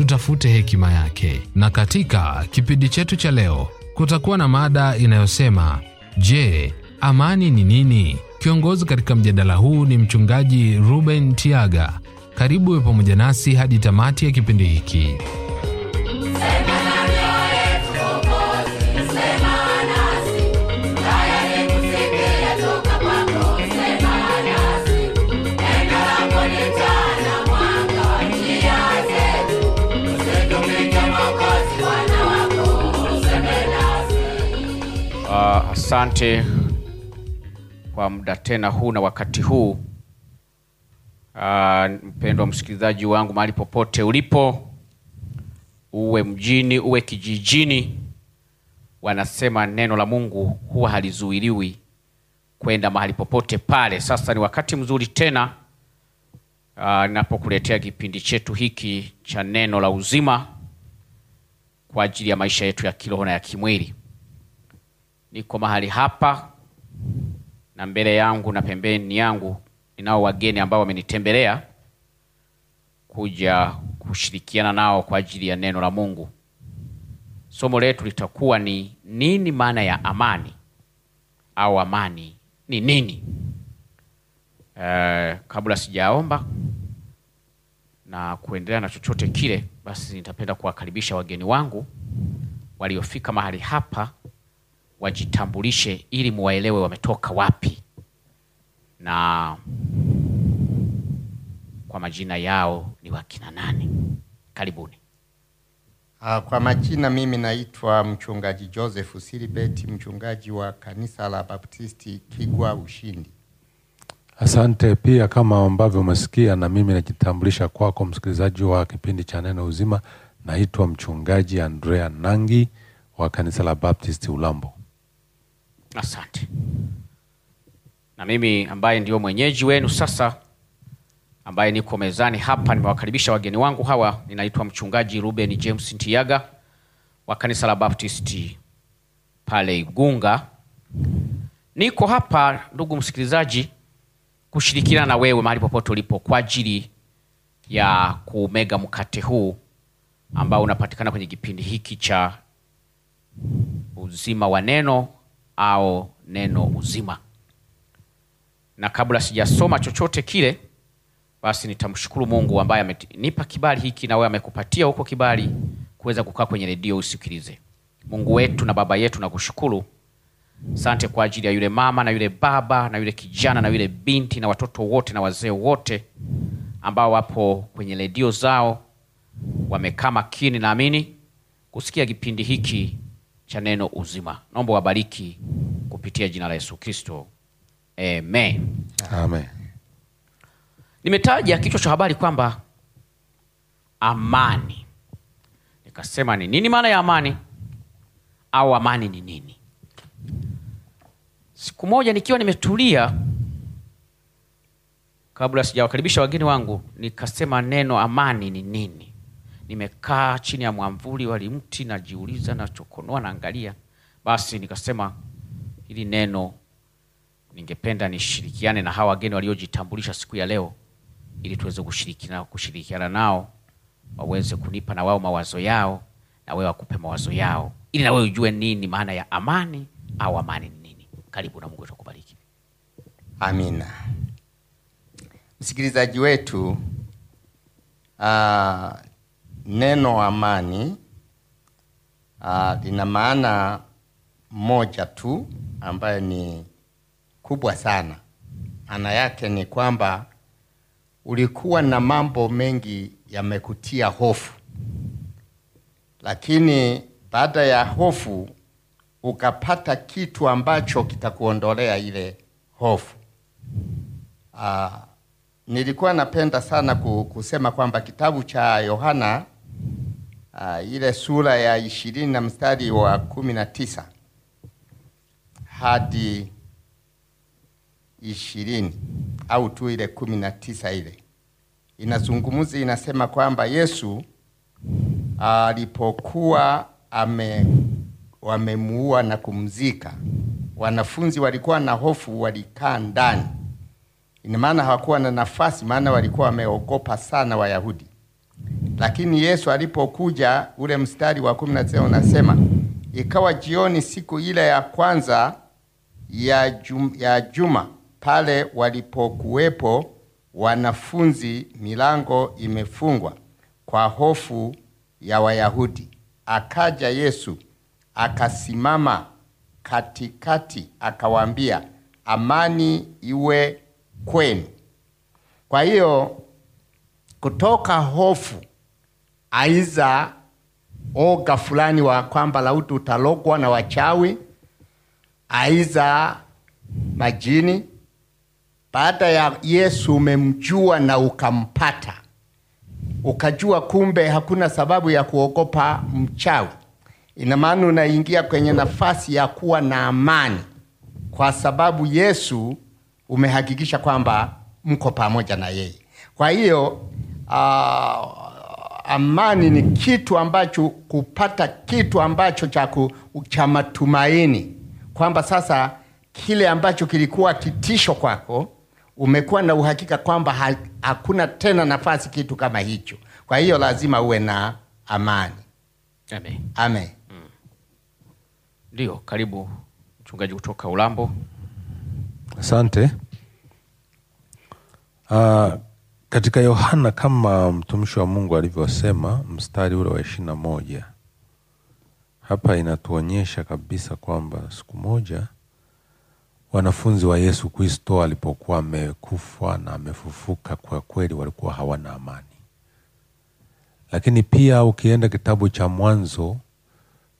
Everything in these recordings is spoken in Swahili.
tutafute hekima yake. Na katika kipindi chetu cha leo kutakuwa na mada inayosema je, amani ni nini? Kiongozi katika mjadala huu ni mchungaji Ruben Tiaga. Karibu pamoja nasi hadi tamati ya kipindi hiki. Asante kwa muda tena huu na wakati huu. Uh, mpendwa msikilizaji wangu mahali popote ulipo, uwe mjini uwe kijijini, wanasema neno la Mungu huwa halizuiliwi kwenda mahali popote pale. Sasa ni wakati mzuri tena ah, napokuletea kipindi chetu hiki cha neno la uzima kwa ajili ya maisha yetu ya kiroho na ya kimwili niko mahali hapa na mbele yangu na pembeni yangu ninao wageni ambao wamenitembelea kuja kushirikiana nao kwa ajili ya neno la Mungu. Somo letu litakuwa ni nini maana ya amani au amani ni nini? e, kabla sijaomba na kuendelea na chochote kile, basi nitapenda kuwakaribisha wageni wangu waliofika mahali hapa wajitambulishe ili muwaelewe wametoka wapi na kwa majina yao ni wakina nani. Karibuni. Ah, kwa majina, mimi naitwa mchungaji Joseph Silibeti, mchungaji wa kanisa la Baptisti Kigwa Ushindi. Asante. Pia kama ambavyo umesikia, na mimi najitambulisha kwako msikilizaji wa kipindi cha Neno Uzima, naitwa mchungaji Andrea Nangi wa kanisa la Baptisti Ulambo. Asante. Na mimi ambaye ndio mwenyeji wenu sasa, ambaye niko mezani hapa, nimewakaribisha wageni wangu hawa. Ninaitwa mchungaji Ruben James Ntiyaga wa kanisa la baptist pale Igunga. Niko hapa ndugu msikilizaji, kushirikiana na wewe mahali popote ulipo kwa ajili ya kumega mkate huu ambao unapatikana kwenye kipindi hiki cha uzima wa neno au neno uzima. Na kabla sijasoma chochote kile, basi nitamshukuru Mungu ambaye amenipa kibali hiki na wewe amekupatia huko kibali kuweza kukaa kwenye redio usikilize. Mungu wetu na Baba yetu, nakushukuru. sante kwa ajili ya yule mama na yule baba na yule kijana na yule binti na watoto wote na wazee wote ambao wapo kwenye redio zao wamekaa makini, naamini kusikia kipindi hiki cha neno uzima. Naomba wabariki kupitia jina la Yesu Kristo. Amen. Amen. Nimetaja kichwa cha habari kwamba amani, nikasema ni nini maana ya amani au amani ni nini? Siku moja nikiwa nimetulia, kabla sijawakaribisha wageni wangu, nikasema neno amani ni nini? nimekaa chini ya mwamvuli wa mti najiuliza, nachokonoa, naangalia. Basi nikasema hili neno ningependa nishirikiane na hawa wageni waliojitambulisha siku ya leo, ili tuweze kushirikiana kushirikiana nao, waweze kunipa na wao mawazo yao, na wewe wakupe mawazo yao, ili na wewe ujue nini maana ya amani au amani ni nini. Karibu na Mungu atakubariki. Amina. Msikilizaji wetu, uh, neno amani uh, lina maana moja tu ambayo ni kubwa sana. Maana yake ni kwamba ulikuwa na mambo mengi yamekutia hofu, lakini baada ya hofu ukapata kitu ambacho kitakuondolea ile hofu. Uh, nilikuwa napenda sana kusema kwamba kitabu cha Yohana uh, ile sura ya ishirini na mstari wa kumi na tisa hadi ishirini au tu ile kumi na tisa ile inazungumzi inasema kwamba Yesu alipokuwa ame wamemuua na kumzika, wanafunzi walikuwa na hofu, walikaa ndani Ina maana hawakuwa na nafasi, maana walikuwa wameogopa sana Wayahudi. Lakini Yesu alipokuja, ule mstari wa kumi na tisa unasema ikawa jioni siku ile ya kwanza ya juma, ya juma pale walipokuwepo wanafunzi, milango imefungwa kwa hofu ya Wayahudi. Akaja Yesu akasimama katikati, akawaambia, amani iwe kwenu. Kwa hiyo kutoka hofu aiza oga fulani wa kwamba lauti utalogwa na wachawi, aiza majini. Baada ya Yesu umemjua na ukampata, ukajua kumbe hakuna sababu ya kuogopa mchawi, ina maana unaingia kwenye nafasi ya kuwa na amani kwa sababu Yesu umehakikisha kwamba mko pamoja na yeye kwa hiyo uh, amani ni kitu ambacho kupata kitu ambacho cha matumaini kwamba sasa kile ambacho kilikuwa kitisho kwako umekuwa na uhakika kwamba ha, hakuna tena nafasi kitu kama hicho kwa hiyo lazima uwe na amani amen, amen. Mm. ndio karibu mchungaji kutoka ulambo Asante. Uh, katika Yohana kama mtumishi wa Mungu alivyosema mstari ule wa ishirini na moja hapa inatuonyesha kabisa kwamba siku moja wanafunzi wa Yesu Kristo alipokuwa amekufa na amefufuka, kwa kweli walikuwa hawana amani. Lakini pia ukienda kitabu cha Mwanzo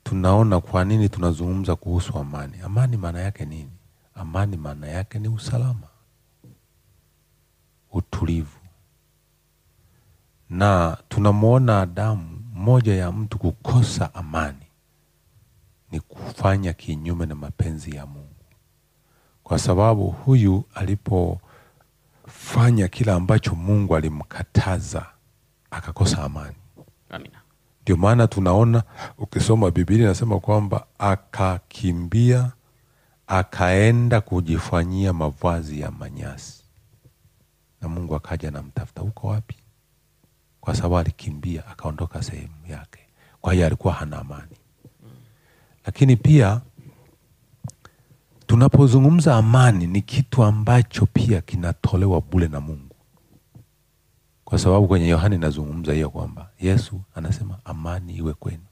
tunaona kwa nini tunazungumza kuhusu amani. Amani maana yake nini? Amani maana yake ni usalama, utulivu. Na tunamwona Adamu, moja ya mtu kukosa amani ni kufanya kinyume na mapenzi ya Mungu, kwa sababu huyu alipofanya kila ambacho Mungu alimkataza akakosa amani. Amina. Ndio maana tunaona ukisoma Biblia inasema kwamba akakimbia akaenda kujifanyia mavazi ya manyasi, na Mungu akaja namtafuta huko wapi? Kwa sababu alikimbia akaondoka sehemu yake, kwa hiyo alikuwa hana amani. Lakini pia tunapozungumza amani, ni kitu ambacho pia kinatolewa bule na Mungu, kwa sababu kwenye yohani inazungumza hiyo kwamba Yesu anasema amani iwe kwenu,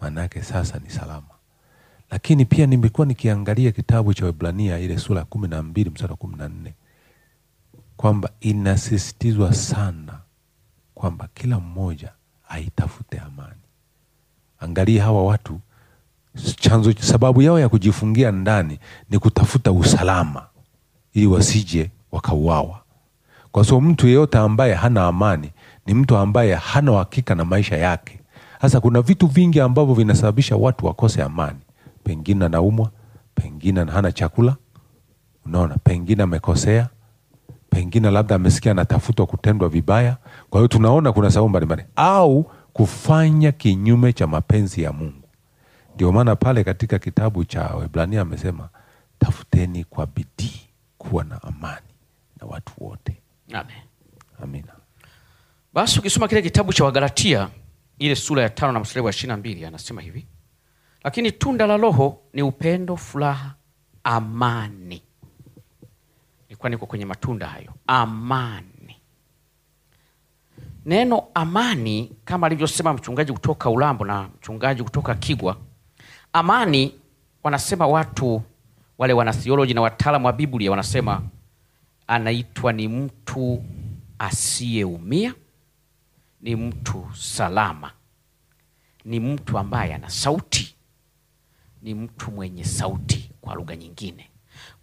maana yake sasa ni salama lakini pia nimekuwa nikiangalia kitabu cha Waebrania ile sura ya kumi na mbili mstari wa kumi na nne kwamba inasisitizwa sana kwamba kila mmoja aitafute amani. Angalia hawa watu, chanzo sababu yao ya kujifungia ndani ni kutafuta usalama ili wasije wakauawa. Kwa sababu mtu yeyote ambaye hana amani ni mtu ambaye hana uhakika na maisha yake. Sasa kuna vitu vingi ambavyo vinasababisha watu wakose amani pengine anaumwa, pengine hana chakula, unaona, pengine amekosea, pengine labda amesikia anatafutwa kutendwa vibaya. Kwa hiyo tunaona kuna sababu mbalimbali, au kufanya kinyume cha mapenzi ya Mungu. Ndio maana pale katika kitabu cha Waebrania amesema tafuteni kwa bidii kuwa na amani na watu wote. Amen. Amina. Basi ukisoma kile kitabu cha Wagalatia ile sura ya tano na mstari wa ishirini na mbili anasema hivi lakini tunda la Roho ni upendo, furaha, amani. Nilikuwa niko kwenye matunda hayo, amani. Neno amani kama alivyosema mchungaji kutoka Ulambo na mchungaji kutoka Kigwa, amani wanasema watu wale wanathioloji na wataalamu wa Biblia wanasema anaitwa ni mtu asiyeumia, ni mtu salama, ni mtu ambaye ana sauti ni mtu mwenye sauti kwa lugha nyingine.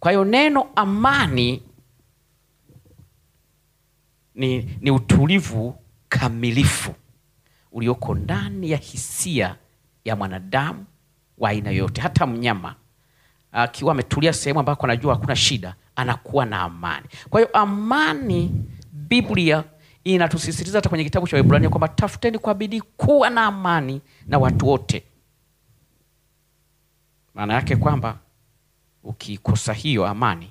Kwa hiyo neno amani ni, ni utulivu kamilifu ulioko ndani ya hisia ya mwanadamu wa aina yoyote. Hata mnyama akiwa ametulia sehemu ambako anajua hakuna shida, anakuwa na amani. Kwa hiyo amani, Biblia inatusisitiza hata kwenye kitabu cha Waebrania kwamba tafuteni kwa bidii kuwa na amani na watu wote maana yake kwamba ukiikosa hiyo amani,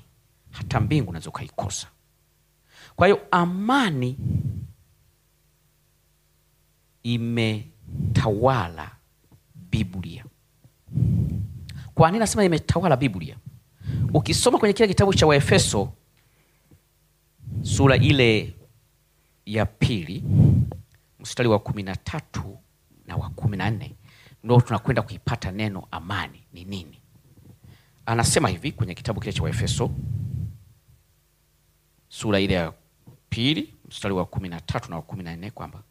hata mbingu unaweza ukaikosa. Kwa hiyo amani imetawala Biblia. Kwa nini nasema imetawala Biblia? Ukisoma kwenye kile kitabu cha Waefeso sura ile ya pili mstari wa kumi na tatu na wa kumi na nne ndo tunakwenda kuipata neno amani ni nini. Anasema hivi kwenye kitabu kile cha Waefeso sura ile ya pili mstari wa kumi na tatu na wa kumi na nne kwamba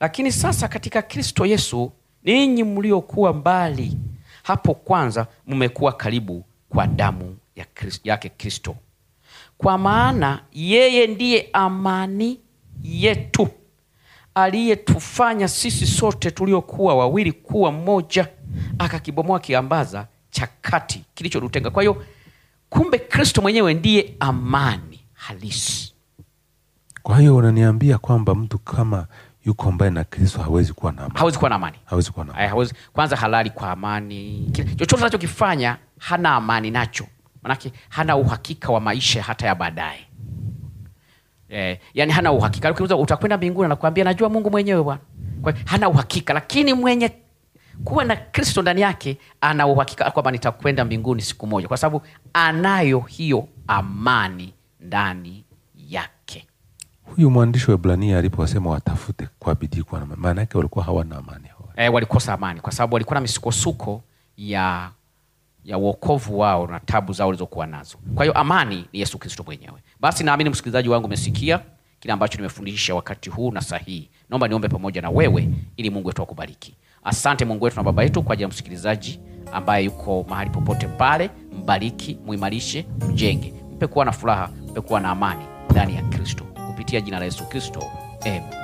lakini sasa katika Kristo Yesu ninyi mliokuwa mbali hapo kwanza mmekuwa karibu kwa damu ya Kristo, yake Kristo, kwa maana yeye ndiye amani yetu aliyetufanya sisi sote tuliokuwa wawili kuwa mmoja, akakibomoa kiambaza cha kati kilichotutenga. Kwa hiyo, kumbe Kristo mwenyewe ndiye amani halisi. Kwa hiyo unaniambia kwamba mtu kama yuko mbaye na Kristo hawezi kuwa na amani, hawezi kuwa na amani, hawezi kuwa na amani. Eh, Ay, hawezi, kwanza halali kwa amani, chochote anachokifanya hana amani nacho, manake hana uhakika wa maisha hata ya baadaye eh, yani hana uhakika. Ukiuliza utakwenda mbinguni, anakuambia najua Mungu mwenyewe bwana. Kwa hiyo hana uhakika, lakini mwenye kuwa na Kristo ndani yake ana uhakika kwamba nitakwenda mbinguni siku moja, kwa sababu anayo hiyo amani ndani yake. Huyu mwandishi wa Ibrania aliposema watafute kwa bidii kwa maana yake walikuwa hawana amani. eh, walikosa amani kwa sababu walikuwa na misukosuko ya ya uokovu wao na tabu zao walizokuwa nazo. Kwa hiyo amani ni Yesu Kristo mwenyewe. Basi naamini msikilizaji wangu umesikia kile ambacho nimefundisha wakati huu na sahihi. Naomba niombe pamoja na wewe ili Mungu wetu akubariki. Asante Mungu wetu na Baba yetu kwa ajili ya msikilizaji ambaye yuko mahali popote pale, mbariki, muimarishe, mjenge, mpe kuwa na furaha, mpe kuwa na amani ndani ya Kristo kupitia jina la Yesu Kristo, amen.